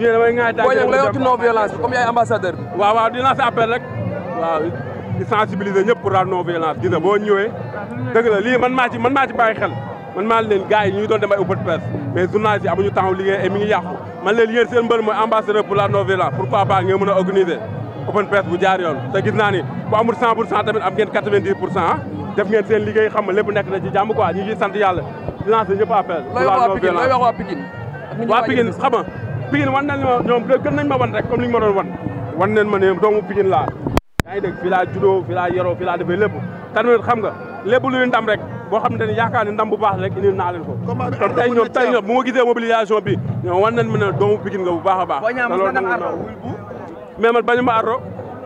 yéen damay ŋaay tànk boo la yor ci non waaw waaw di lancer appel rek waaw di sensibiliser ñëpp pour la non violence gis nga boo ñëwee. dëgg lii man maa ci man maa ci bàyyi xel man maa leen gars ñu ngi doon dem ay open presse mais journaliste yi amuñu temps liggéey et mi ngi yàqu man leen yéen seen mbër mooy ambassadeur pour la non violence pourquoi pas ngeen mën a organiser open presse bu jaar yoon gis naa ni bu amul 100 pour tamit am ngeen 90 pour cent ah. seen liggéey xam Pikine wan nañ ma ñoom gën nañ ma wan rek comme doomu Pikine laa yaa ngi dégg fii laa judoo fii laa yoroo fii laa defee lépp tamit xam rek boo xam ne yaakaar ni ndam bu baax rek indil naa leen ko kon tey ñoom tey ñoom bu ma bi ñoom wan nañ ma ne doomu Pikine nga bu baax a baax mais man bañu ma arro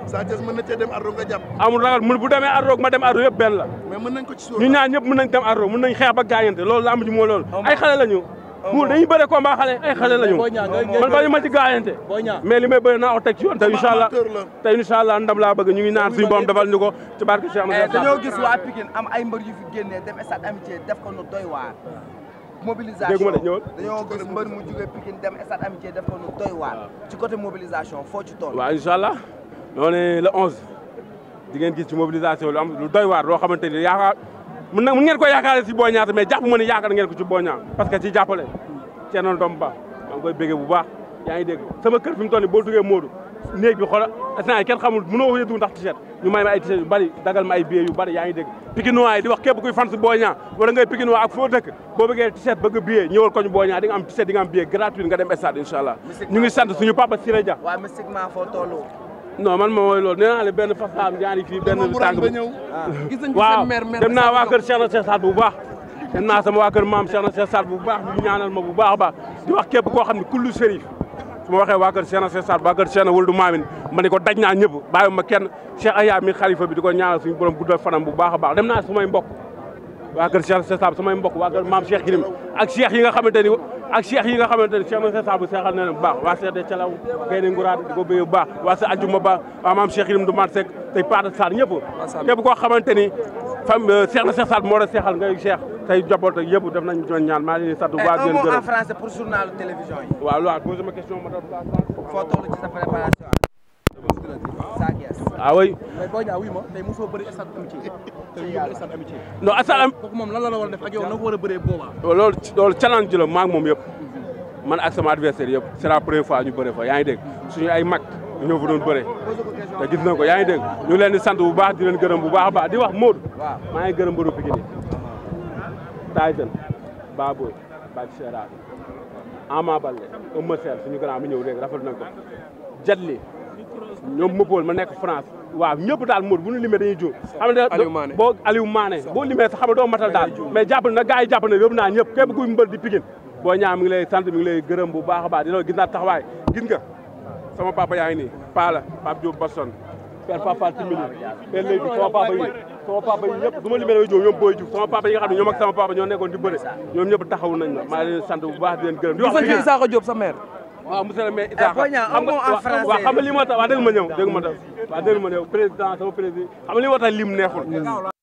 Sathiès mën na cee dem arro nga ragal mun bu demee arro ma dem arro yëpp benn la ñu ñaar ñëpp mën nañ dem arro mën nañ xeex ba gaañante loolu lamb ji moo loolu ay xale lañu buur dañuy bëre combat xale ay xale la ñu man bari ma ci gaayante mais li may bëri naa ko teg ci yoon te incha allah te incha ndam laa bëgg ñu ngi naan suñu borom defal ñu ci barke Cheikh Amadou eh, dañoo gis waa Pikine am ay mbër yu fi génnee dem stade amitié def ko nu doy waar mobilisation dégguma de ñëwal dañoo gis mbër mu jugee Pikine dem stade amitié def ko nu doy waar ah. ci côté mobilisation foo ci tool waaw incha allah noonu le 11 di gis ci mobilisation lu am lu doy waar loo xamante ni yaakaar mun na mun ngeen ko yaakaare si Boy Niang mais jàpp ma ne ngeen ko ci Boy parce que ci jàppale Thierno Ndom Ba maa koy béggee bu baax yaa ngi sama kër fi boo duggee Modou néeg bi xoolal instant yi kenn xamul mënoo wax ne dugg ndax t-shirt ñu may ma t-shirt yu bari dagal ma ay yu bari yaa ngi dégg Pikinois di wax képp kuy fan si Boy Niang wala ngay Pikinois ak foo dëkk boo bëggee t-shirt bëgg billet ñëwal koñ Boy Niang am t-shirt di non man moom mooy lool nee naa la benn fasaam ñaari kii benn tàng ba ñëw ah. gis nañ waaw dem naa waa kër Cheikh na Cheikh bu baax dem naa sama waa kër maam Cheikh na Cheikh bu baax ñu ñaanal ma bu baax a baax di wax képp koo xam ne kullu sérif su ma waxee waa kër Cheikh na Cheikh Saad waa kër Cheikh na wul du maamin ma ne ko daj naa ñëpp bàyyi ma kenn Cheikh Aya mi xalifa bi di ko ñaanal suñu borom guddal fanam bu baax a baax dem naa samay mbokk waa kër samay mbokk waa maam Cheikh Girim ak Cheikh yi nga xamante ni ak cheikh yi nga xamante ne cheikh ma saabu seexal na leen bu baax waa cheikh de calaw gaynde nguraat di ko bëgg bu baax waa sa ajuma ba waa maam cheikh yilim du mat sek tey paata sarr ñëpp képp koo xamante ni fam euh, cheikh na cheikh sall moo la seexal ngay cheikh tey joboote yëpp def nañ joon ñaan maa ngi leen di sant bu baax eh, en français pour journalu télévision yi waaw waaw posez ma question ma doon foo toll ci sa préparation ah oui. mais Boy Niang wuy ma tey mosoo bëri stade amitié te ñu bëri stade amitié. non stade am kooku moom la war def ak yow na ko war a bëree boobaa. loolu loolu challenge la maa moom yëpp man ak sama adversaire yëpp c'est la première fois ñu bëree fa yaa ngi dégg suñu ay mag ñoo fa doon bëree te gis na ko yaa ngi dégg ñu leen di sant bu baax di leen gërëm bu baax a baax di wax Modou. waaw maa ngi gërëm bëru Pikine Tyson Baboy Bac Seras Ama Baldé Eumeu ñu suñu grand bi ñëw léegi rafetlu nañ ko Jadli ñoom mëppool ma nekk France waaw ñëpp daal Modou bu ñu limee dañuy juum boo Aliou Mané boo limee sax doo matal daal mais jàpp na gars yi jàpp naa ñëpp képp kuy mbër di Pikine boo ñaa mi ngi sant mi ngi gërëm bu baax a baax dina gis naa taxawaay gis nga sama papa yaa ngi nii Pa la Pape Diop Boston père papa Timini père Léegi sama sama papa yi ñëpp du ma limee dañuy juum ñoom booy juum sama papa yi nga xam ne sama papa ñoo nekkoon di bëre ma waaw monsieur le maire Issakha xam nga waaw xam nga li moo tax waaw dégg ma ñëw dégg ma ma ñëw président sama président xam nga li moo tax lim neexul